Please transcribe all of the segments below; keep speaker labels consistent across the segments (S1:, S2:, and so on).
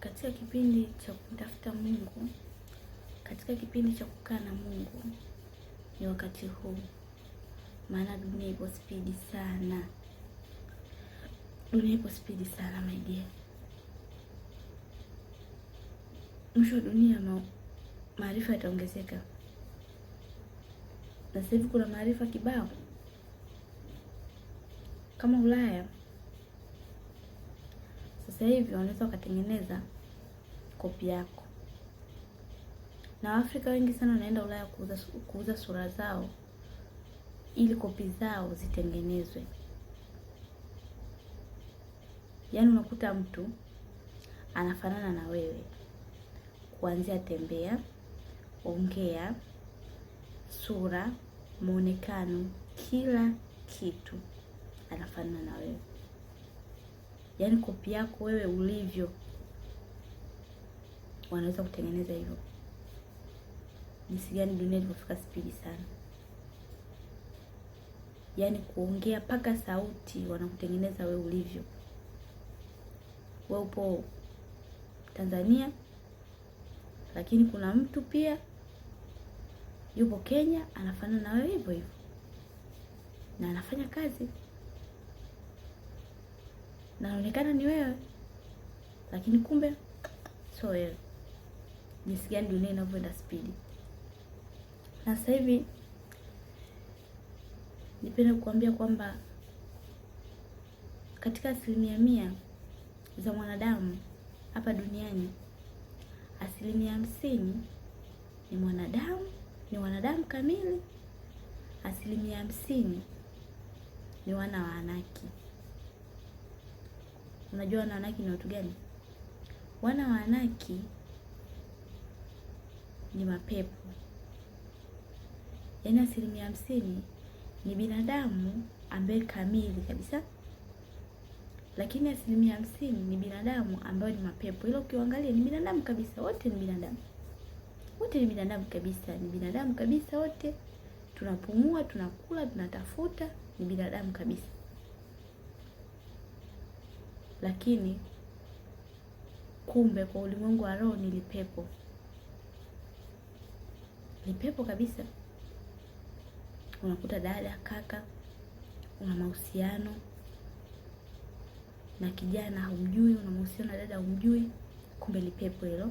S1: Katika kipindi cha kumtafuta Mungu, katika kipindi cha kukaa na Mungu ni wakati huu, maana dunia ipo spidi sana, dunia ipo spidi sana maidia. Mwisho wa dunia maarifa yataongezeka, na sasa hivi kuna maarifa kibao kama Ulaya sasa hivi wanaweza wakatengeneza kopi yako, na Waafrika wengi sana wanaenda Ulaya kuuza, kuuza sura zao ili kopi zao zitengenezwe. Yaani unakuta mtu anafanana na wewe kuanzia tembea, ongea, sura, muonekano, kila kitu anafanana na wewe yaani kopi yako wewe ulivyo, wanaweza kutengeneza hivyo. Jinsi gani dunia ilivyofika spidi sana, yaani kuongea mpaka sauti wanakutengeneza wewe ulivyo. Wewe upo Tanzania, lakini kuna mtu pia yupo Kenya anafanana na wewe hivyo hivyo na anafanya kazi naonekana ni wewe, lakini kumbe sio wewe. Jinsi gani dunia inavyoenda spidi! Na sasa hivi nipende kukuambia kwamba katika asilimia mia za mwanadamu hapa duniani, asilimia hamsini ni mwanadamu, ni wanadamu kamili, asilimia hamsini ni wana wa Anaki. Unajua wana wanaki ni watu gani? Wana wanaki ni mapepo, yaani asilimia hamsini ni binadamu ambaye kamili kabisa, lakini asilimia hamsini ni binadamu ambayo ni mapepo. Ila ukiangalia ni binadamu kabisa, wote ni binadamu, wote ni binadamu kabisa, ni binadamu kabisa, wote tunapumua, tunakula, tunatafuta, ni binadamu kabisa lakini kumbe kwa ulimwengu wa roho ni lipepo, lipepo kabisa. Unakuta dada, kaka, una mahusiano na kijana humjui, una mahusiano na dada humjui, kumbe lipepo hilo.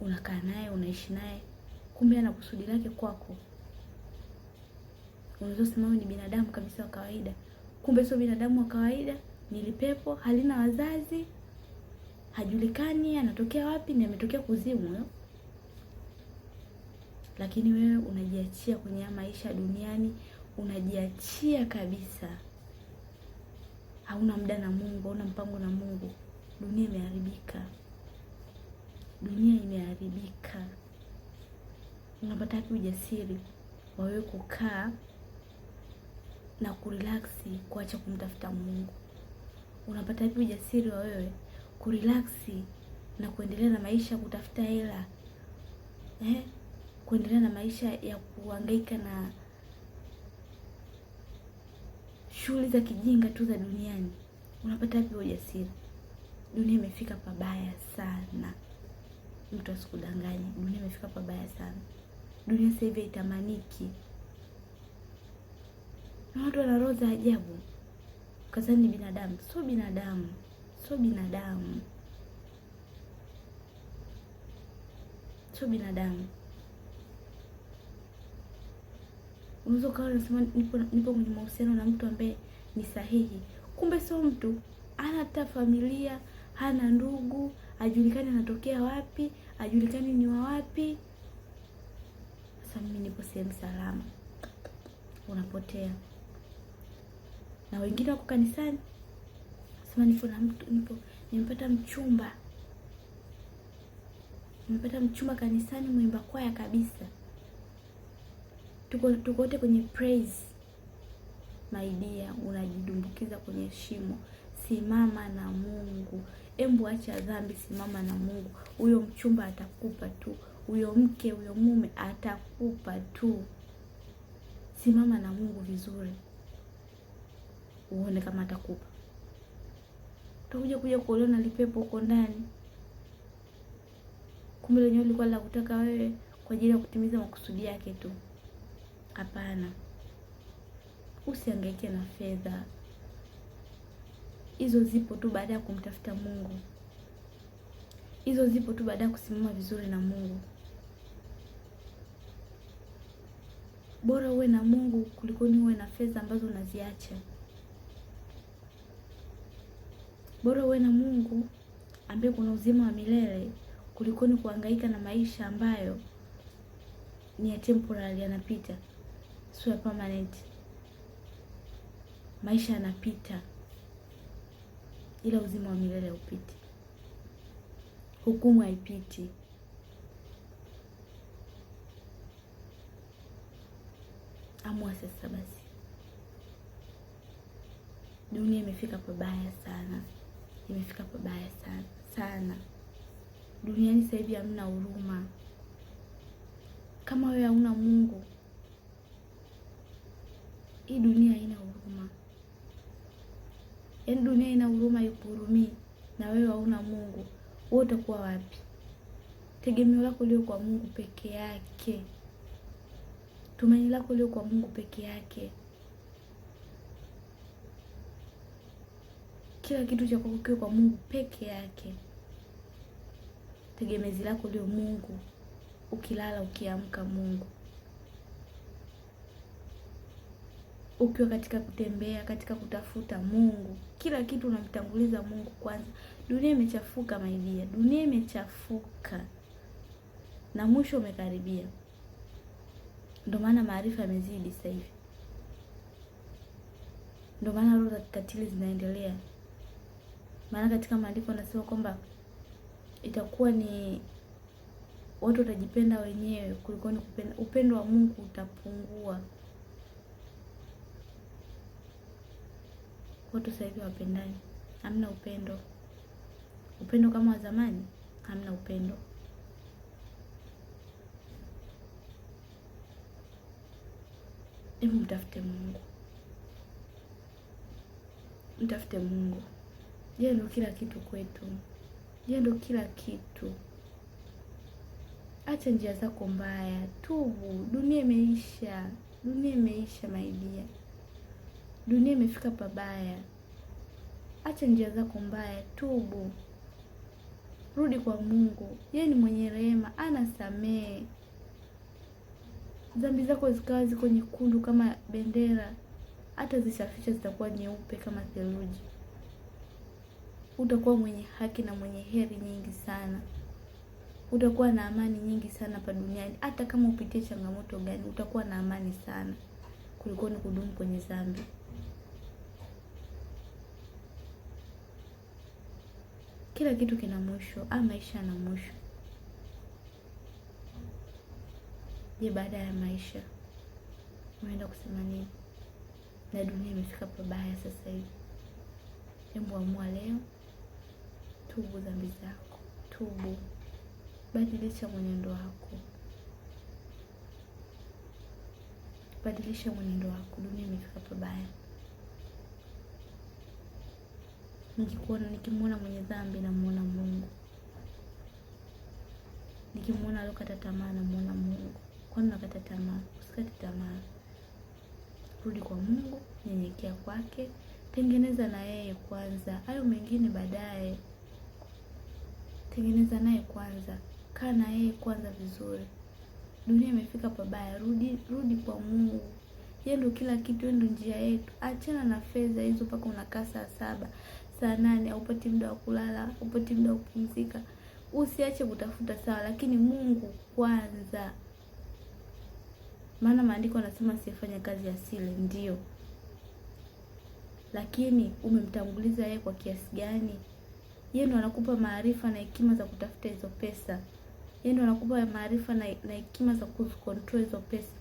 S1: Unakaa naye, unaishi naye, kumbe ana kusudi lake kwako. Unaweza sema ni binadamu kabisa wa kawaida, kumbe sio binadamu wa kawaida Nili pepo halina wazazi, hajulikani anatokea wapi, ni ametokea kuzimu. Lakini wewe unajiachia kwenye maisha duniani, unajiachia kabisa, hauna muda na Mungu, hauna mpango na Mungu. Dunia imeharibika, dunia imeharibika. Unapata wapi ujasiri wawe kukaa na kurelaksi, kuacha kumtafuta Mungu? unapata vipi ujasiri wa wewe kurelaksi na kuendelea na maisha, kutafuta hela eh, kuendelea na maisha ya kuhangaika na shughuli za kijinga tu za duniani? Unapata vipi ujasiri? Dunia imefika pabaya sana, mtu asikudanganye. Dunia imefika pabaya sana. Dunia sasa hivi haitamaniki na watu wana roho za ajabu kazani ni binadamu, sio binadamu, sio binadamu, sio binadamu. Unaweza ukawa unasema nipo nipo kwenye mahusiano na mtu ambaye ni sahihi, kumbe sio mtu, hana hata familia, hana ndugu, ajulikani anatokea wapi, ajulikani ni wa wapi. Sasa mimi nipo sehemu salama, unapotea na wengine wako kanisani. Sema nipo na mtu, nipo nimepata mchumba, nimepata mchumba kanisani, mwimba kwaya kabisa, tuko tuko wote kwenye praise. My dear, unajidumbukiza kwenye shimo. Simama na Mungu, embu acha dhambi, simama na Mungu. Huyo mchumba atakupa tu, huyo mke, huyo mume atakupa tu. Simama na Mungu vizuri uone kama atakupa. Utakuja kuja kuona na lipepo huko ndani, kumbe lenyewe lilikuwa la kutaka wewe kwa ajili ya kutimiza makusudi yake tu. Hapana, usihangaike na fedha hizo, zipo tu baada ya kumtafuta Mungu, hizo zipo tu baada ya kusimama vizuri na Mungu. Bora uwe na Mungu kuliko ni uwe na fedha ambazo unaziacha. Bora uwe na Mungu ambaye kuna uzima wa milele kulikoni kuhangaika na maisha ambayo ni ya temporary, yanapita, sio ya permanent. Maisha yanapita, ila uzima wa milele haupiti. Hukumu haipiti. Amua sasa basi, dunia imefika pabaya sana imefika pabaya sana sana. Duniani sasa hivi hamna huruma. Kama wewe hauna Mungu, hii dunia haina huruma. Yaani dunia ina huruma, ikuhurumii na wewe hauna Mungu, wewe utakuwa wapi? Tegemeo lako lio kwa Mungu peke yake, tumaini lako lio kwa Mungu peke yake. kila kitu chako kiwe kwa Mungu peke yake. Tegemezi lako lio Mungu, ukilala ukiamka Mungu, ukiwa katika kutembea, katika kutafuta Mungu, kila kitu unamtanguliza Mungu kwanza. Dunia imechafuka maidia, dunia imechafuka na mwisho umekaribia. Ndio maana maarifa yamezidi sasa hivi, ndio maana roho za kikatili zinaendelea maana katika maandiko anasema kwamba itakuwa ni watu watajipenda wenyewe kuliko ni kupenda. Upendo wa Mungu utapungua. Watu sasa hivi wapendani, hamna upendo. Upendo kama wa zamani, hamna upendo. Hebu mtafute Mungu, mtafute Mungu yeye ndo kila kitu kwetu, yeye ndo kila kitu. Acha njia zako mbaya, tubu. Dunia imeisha, dunia imeisha maidia, dunia imefika pabaya. Acha njia zako mbaya, tubu, rudi kwa Mungu. Yeye ni mwenye rehema, anasamehe. Dhambi zako zikawa ziko nyekundu kama bendera, hata zisafisha zitakuwa nyeupe kama theluji utakuwa mwenye haki na mwenye heri nyingi sana, utakuwa na amani nyingi sana pa duniani. Hata kama upitie changamoto gani, utakuwa na amani sana kuliko ni kudumu kwenye dhambi. Kila kitu kina mwisho, ama maisha yana mwisho. Je, baada ya maisha unaenda kusema nini? Na dunia imefika pabaya sasa hivi. Hebu amua leo tubu dhambi zako, tubu, badilisha mwenendo wako, badilisha mwenendo wako. Dunia imefika pabaya. Nikikuona, nikimwona mwenye dhambi namwona Mungu, nikimwona alokata tamaa namwona Mungu. Kwani nakata tamaa? Usikate tamaa, rudi kwa Mungu, nyenyekea kwake, tengeneza na yeye kwanza, hayo mengine baadaye tengeneza naye kwanza, kaa na yeye kwanza vizuri. Dunia imefika pabaya, rudi rudi kwa Mungu. Yeye ndo kila kitu, yeye ndo njia yetu. Achana na fedha hizo mpaka unakaa saa saba saa nane, haupati muda wa kulala, haupati muda wa kupumzika. Usiache kutafuta sawa, lakini Mungu kwanza, maana maandiko anasema asiyefanya kazi asile. Ndio, lakini umemtanguliza yeye kwa kiasi gani? yeye ndo anakupa maarifa na hekima za kutafuta hizo pesa, yeye ndo anakupa maarifa na hekima za kuzikontrol hizo pesa.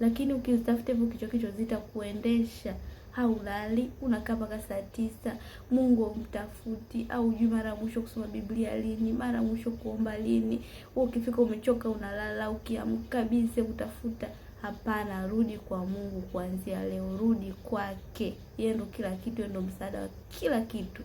S1: Lakini ukizitafuta hivyo kichwa kichwa, zitakuendesha haulali, unakaa mpaka saa tisa, Mungu umtafuti au juu, mara mwisho kusoma Biblia lini, mara mwisho kuomba lini? Wewe ukifika umechoka, unalala, ukiamka bize kutafuta Hapana, rudi kwa Mungu kuanzia leo, rudi kwake. Yeye ndo kila kitu, yeye ndo msaada wa kila kitu.